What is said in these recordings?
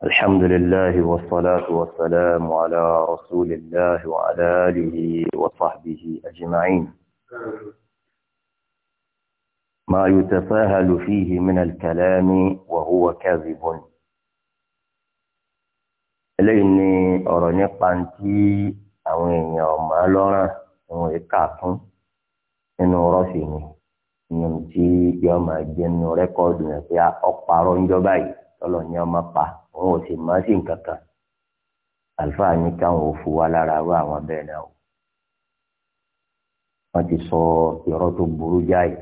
الحمد لله والصلاة والسلام على رسول الله وعلى آله وصحبه أجمعين ما يتفاهل فيه من الكلام وهو كاذب لأني أرنق أنتي أو يوم ألونا ويكاكم إنه رسيني ìyẹn tí yọọ máa jẹ nínú rẹkọọdù tọ́lọ̀ ní ọmọ pa òun ò sì mọ́ sí nǹkan kan àlùfáà ní káwọn ò fún wa lára rú àwọn bẹ́ẹ̀ náà o wọ́n ti sọ irọ́ tó burú jáì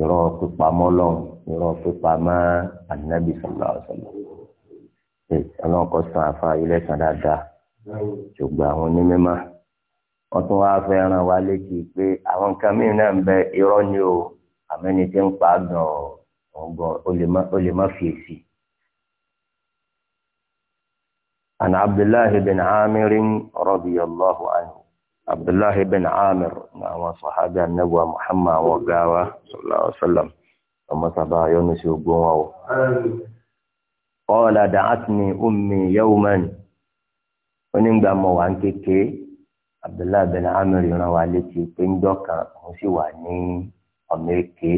irọ́ pípamọ́ lọ́hùn irọ́ pípamọ́ ànábì sọ̀rọ̀ ọ̀sọ̀rọ̀ ọlọ́kọ̀ san àfa ilé san dáadáa ṣùgbọ́n àwọn onímọ̀ wọ́n tún wá fẹ́ ràn wá létí pé àwọn nǹkan mìíràn bẹ irọ́ ni o àmẹ́ni tí ń pa gan-an ọgbọ o lè má fi èsì. عن عبد الله بن عامر رضي الله عنه عبد الله بن عامر مع صحابة النبوة محمد وقاوة صلى الله عليه وسلم ثم صبا يونس يقوم قال دعتني أمي يوما ونمدى موان كيكي Abdullahi bin Amir ìran wa létí pé ń dọ́kan òun sì wà ní ọmọ èké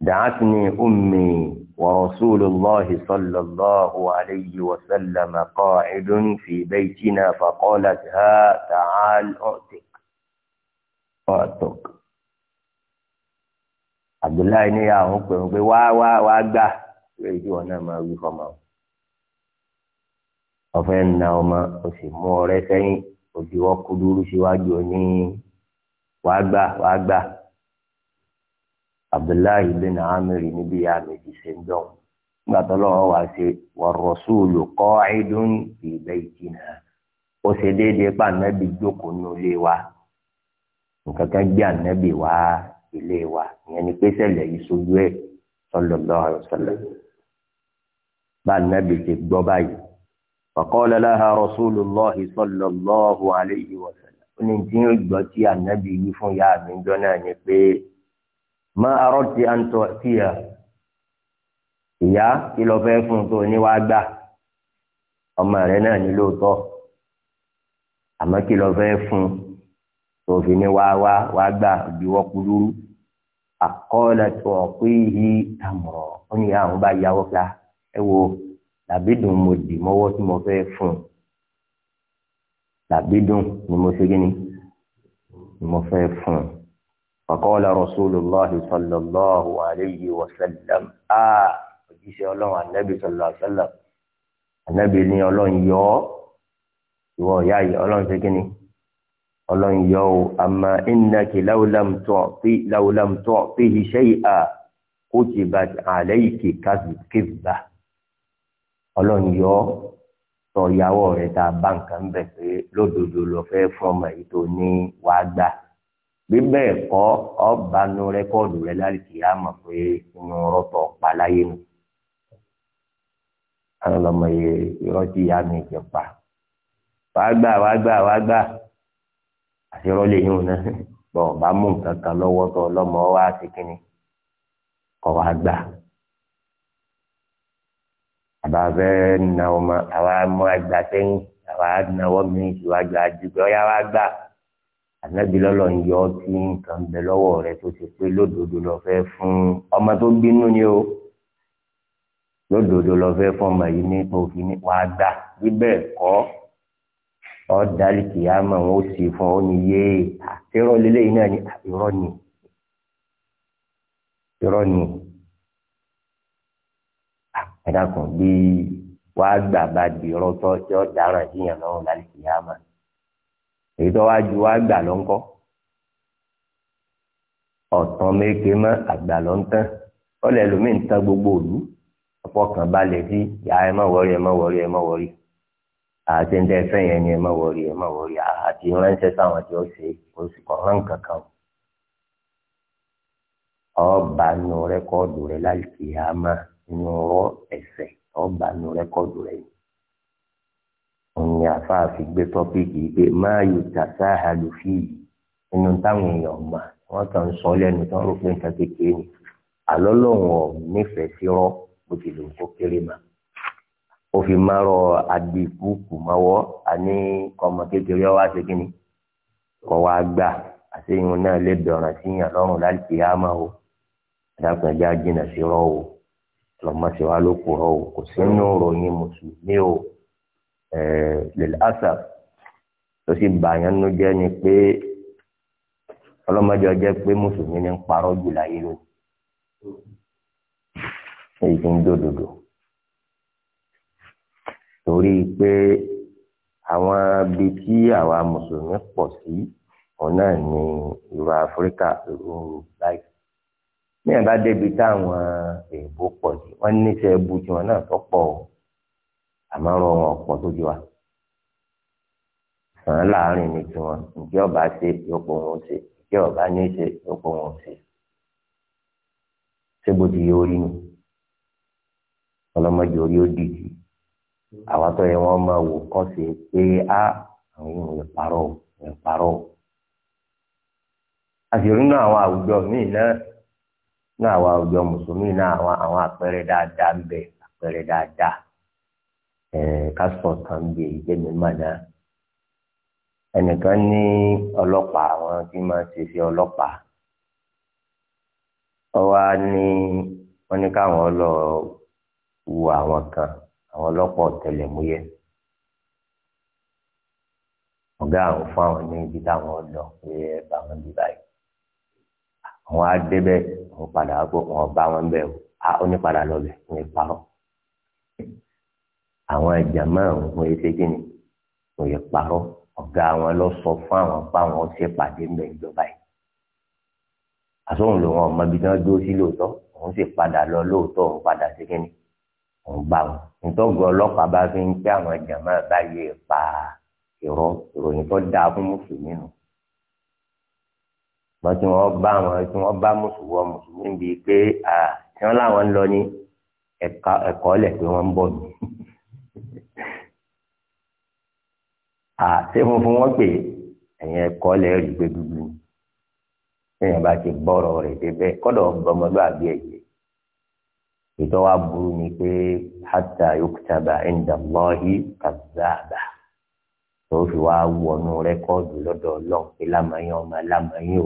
دعتني أمي ورسول الله صلى الله عليه وسلم قاعد في بيتنا فقالت ها تعال أعتق أعتق عبد الله ní àwọn pè wọn pé wá wá wá gbà lórí tí wọn náà máa wí fọmọ ọfẹ na ọmọ o sì mú ọ̀rẹ́ sẹ́yìn òdiwọ kúdúrú síwájú ọ ní wá gbà wá gbà abdullahi bin amiri níbi ya méjì ṣe ń dọ̀ nígbà tó lọ́wọ́ wá ṣe wà rọ̀ṣúlù qa'idun fi baytina ó ṣe déédéé pa ànábì jókòó ní ilé wa nǹkan kan gbé ànábì wá ilé wa ìyẹn ni pé ṣẹlẹ̀ yìí sojú ẹ̀ sallallahu alaihi wasallam bá ànábì ti gbọ́ báyìí faqala laha rasulullahi sallallahu alaihi wasallam ó ní tí ń gbọ́ tí ànábì yìí fún yá mi jọ náà ni pé ma arọ́tì àǹtọ̀ tíyà ìyá kí lọ fẹ́ fún un tó ní wàá gbà ọmọ rẹ náà ní lóòótọ́ àmọ́ kí lọ fẹ́ fún un tó fi ní wàá wá wàá gbà bí wọ́n kú tó ọ̀pẹ́ yìí tàmùrọ̀ ó ní àwọn bá yàwó ká ah, ẹ wo làbídùn mo dì mọ́wọ́ tí mo fẹ́ fún un làbídùn ni mo ṣe kí ni mo fẹ́ fún fàkọ́ọ̀lá rasulullahi sallallahu alayhi wa sallam a òjíṣẹ́ ọlọ́run anabi sallallahu alayhi wa sallam anabi ní ọlọ́run yọ ọ́ ìwọ ìyá yìí ọlọ́run ṣe kí ni ọlọ́run yọ ọ́ àmọ́ innaki lawlam tu'tihi shay'a kutibat alayki kizba ọlọ́run yọ ọ́ sọ ìyàwó rẹ̀ tá a bá nǹkan bẹ̀ pé lódodo lọ fẹ́ fọmọ èyí tó ní wàá gbà bí bẹ́ẹ̀ kọ́ ọ̀bánu rẹ́kọ́ọ̀dù rẹ láti yá mọ̀ pé inú rọ́tọ̀ pa láyé nu. àwọn ọmọ yẹn irọ́ tí ìyá mi jẹ pa wàá gbà wàá gbà wàá gbà àṣírọ́ lè yún un náà bọ̀ bá mú nǹkan kan lọ́wọ́ tó ọlọ́mọ wá sí kínní kọ́ wàá gbà. àbá fẹ́ẹ́ na ọmọ àwa mọ́ ẹgbàá sẹ́yìn àwa náwó mi ìṣúwájú àdúgbò ọ̀yá wàá gbà ànábì lọ́lọ́ ń yọ tí nǹkan bẹ lọ́wọ́ rẹ tó ti pé lódodo lọ fẹ́ fún ọmọ tó bínú ni o lódodo lọ fẹ́ fún ọmọ yìí ní òfin ní wàá gbà bíbẹ̀ kọ́ ọ dalí kìyàmọ̀ wọn ó sì fún ọ ní yé àtẹ́rọ̀ lélẹ́yìn náà ní àìrọ́ ni irọ́ ni ẹ̀dá kan bí wàá gbà bá di irọ́ tó yọ dáràn yíyan lọ́wọ́ lálẹ́ kìyàmọ̀ èyí tó wáá ju wáá gbà lọ ńkọ́ ọ̀tàn méke mọ́ àgbà lọ ń tán ọ̀lẹ́ lómi ń tán gbogbo òlu ọ̀fọ̀kàn balẹ̀ sí ya ẹ má wọrí ẹ má wọrí ẹ má wọrí àti ń tẹ́ fẹ́ yẹn ni ẹ má wọrí ẹ má wọrí àti ránṣẹ́ sáwọn tí ó ṣe oṣù kan rán kankan ọba nu rẹ́kọ́ọ̀dù rẹ láì kìí àmà nínú ọ̀rọ̀ ẹ̀sẹ̀ ọba nu rẹ́kọ́ọ̀dù rẹ yìí òun ni àfáà fi gbé tọ́pìkì pé máa yóò tàṣà àlùfí nínú táwọn èèyàn mà wọ́n kàn ń sọ lẹ́nu tó ń rò pé nǹkan kékeré ni àlọ́ lòun ò nífẹ̀ẹ́ sí rọ́ bó ti lòun kó kéré mà ó fi máa rọ adìkúkù mọ́wọ́ àní ọmọ kékeré wá ṣe kí ni wá gbà àṣeyìn náà lè dọ̀ràn síyàn lọ́rùn láti yá máa o ẹ̀dàkùn ẹ̀já jìnnà sí rọ́ o lọ́mọ sí ló kù rọ́ o kò sínú ròyìn mùsùlùmí o lèlásà tó sì bàyàn nú jẹ́ ni pé ọlọ́mọdé ọjọ́ pé mùsùlùmí ní ń parọ́ jù láyé lónìí èyí tí ń dòdòdò torí pé àwọn ibi tí àwa mùsùlùmí pọ̀ sí òun náà ní ìlú áfíríkà ìlú láì ní ẹ̀ bá débi táwọn èèbó pọ̀ sí wọ́n ní iṣẹ́ ẹbú tiwọn náà tó o. àmọ́ ọ̀rọ̀ wọn ọ̀pọ̀ tó ju wa sàn láàrin ní tiwọn ǹjẹ́ ọba ṣe yọpọ̀ wọn ò ṣe ǹjẹ́ ọba ní ṣe yọpọ̀ wọn ò ṣe ṣé bó ti yẹ orí ni ọlọ́mọdé orí ó dìjì àwọn tó yẹ wọn máa wò kọ́ sí pé á àwọn yìí parọ́ parọ́ àṣírí náà àwọn àwùjọ míì náà náà àwọn àwùjọ mùsùlùmí náà àwọn àpẹẹrẹ dáadáa ń bẹ àpẹẹrẹ dáadáa. kásọ̀ eh, kan bí èyí tẹ́mi mà náà ẹnìkan ní ọlọ́pàá àwọn tí máa ṣe fi ọlọ́pàá ọwọ́ á ní wọ́n ní káwọn lọ wo àwọn kan àwọn ọlọ́pàá ọ̀tẹlẹ̀múyẹ́ ọ̀gá àwọn fún àwọn ní ibi táwọn lọ pé ẹ bá wọn bí báyìí àwọn á débẹ̀ wọn padà wọn bá wọn bẹ̀ ó ní padà lọ bẹ̀ ní parọ́ àwọn jàmá wọn yìí ṣe kíni wọn yìí parọ́ ọ̀gá wọn lọ sọ fún àwọn pa wọn ṣe pàdé ń bẹ ìjọba yìí àsóhùn lòun ọmọ ibi tí wọn dúró sí lóòótọ́ òun sì padà lọ lóòótọ́ òun padà sí kíni òun bá wọn nítorí ọlọ́pàá bá fi ń pé àwọn jàmá báyé e pa irọ́ ìròyìn tó dáa fún mùsùlùmí nù wọn tí wọn bá wọn tí wọn bá mùsùlùmí mùsùlùmí bíi pé tí wọn láwọn ń lọ ní ẹ̀kọ́ lẹ̀ pé wọ́n ń bọ̀ mí àti funfun wọn pè ẹ̀yìn ẹ̀kọ́ lẹ́rìí pé dúdú ni èèyàn bá ti bọ́rọ̀ rẹ̀ débẹ̀ kọ́dọ̀ ọmọlúwàbí ẹ̀yẹ ìtọ́ wa burú ni pé hatta yuktaba inda Allahi kazaba tó fi wá wọnú rẹ́kọ́ọ̀dù lọ́dọ̀ ọlọ́run pé lámàyín ọmọ lámàyín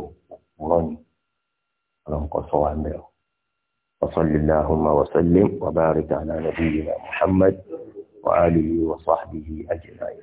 ò ni ọlọ́run kò sọ wa mẹ́rọ. وصلى اللهم وسلم وبارك على نبينا محمد وآله وصحبه أجمعين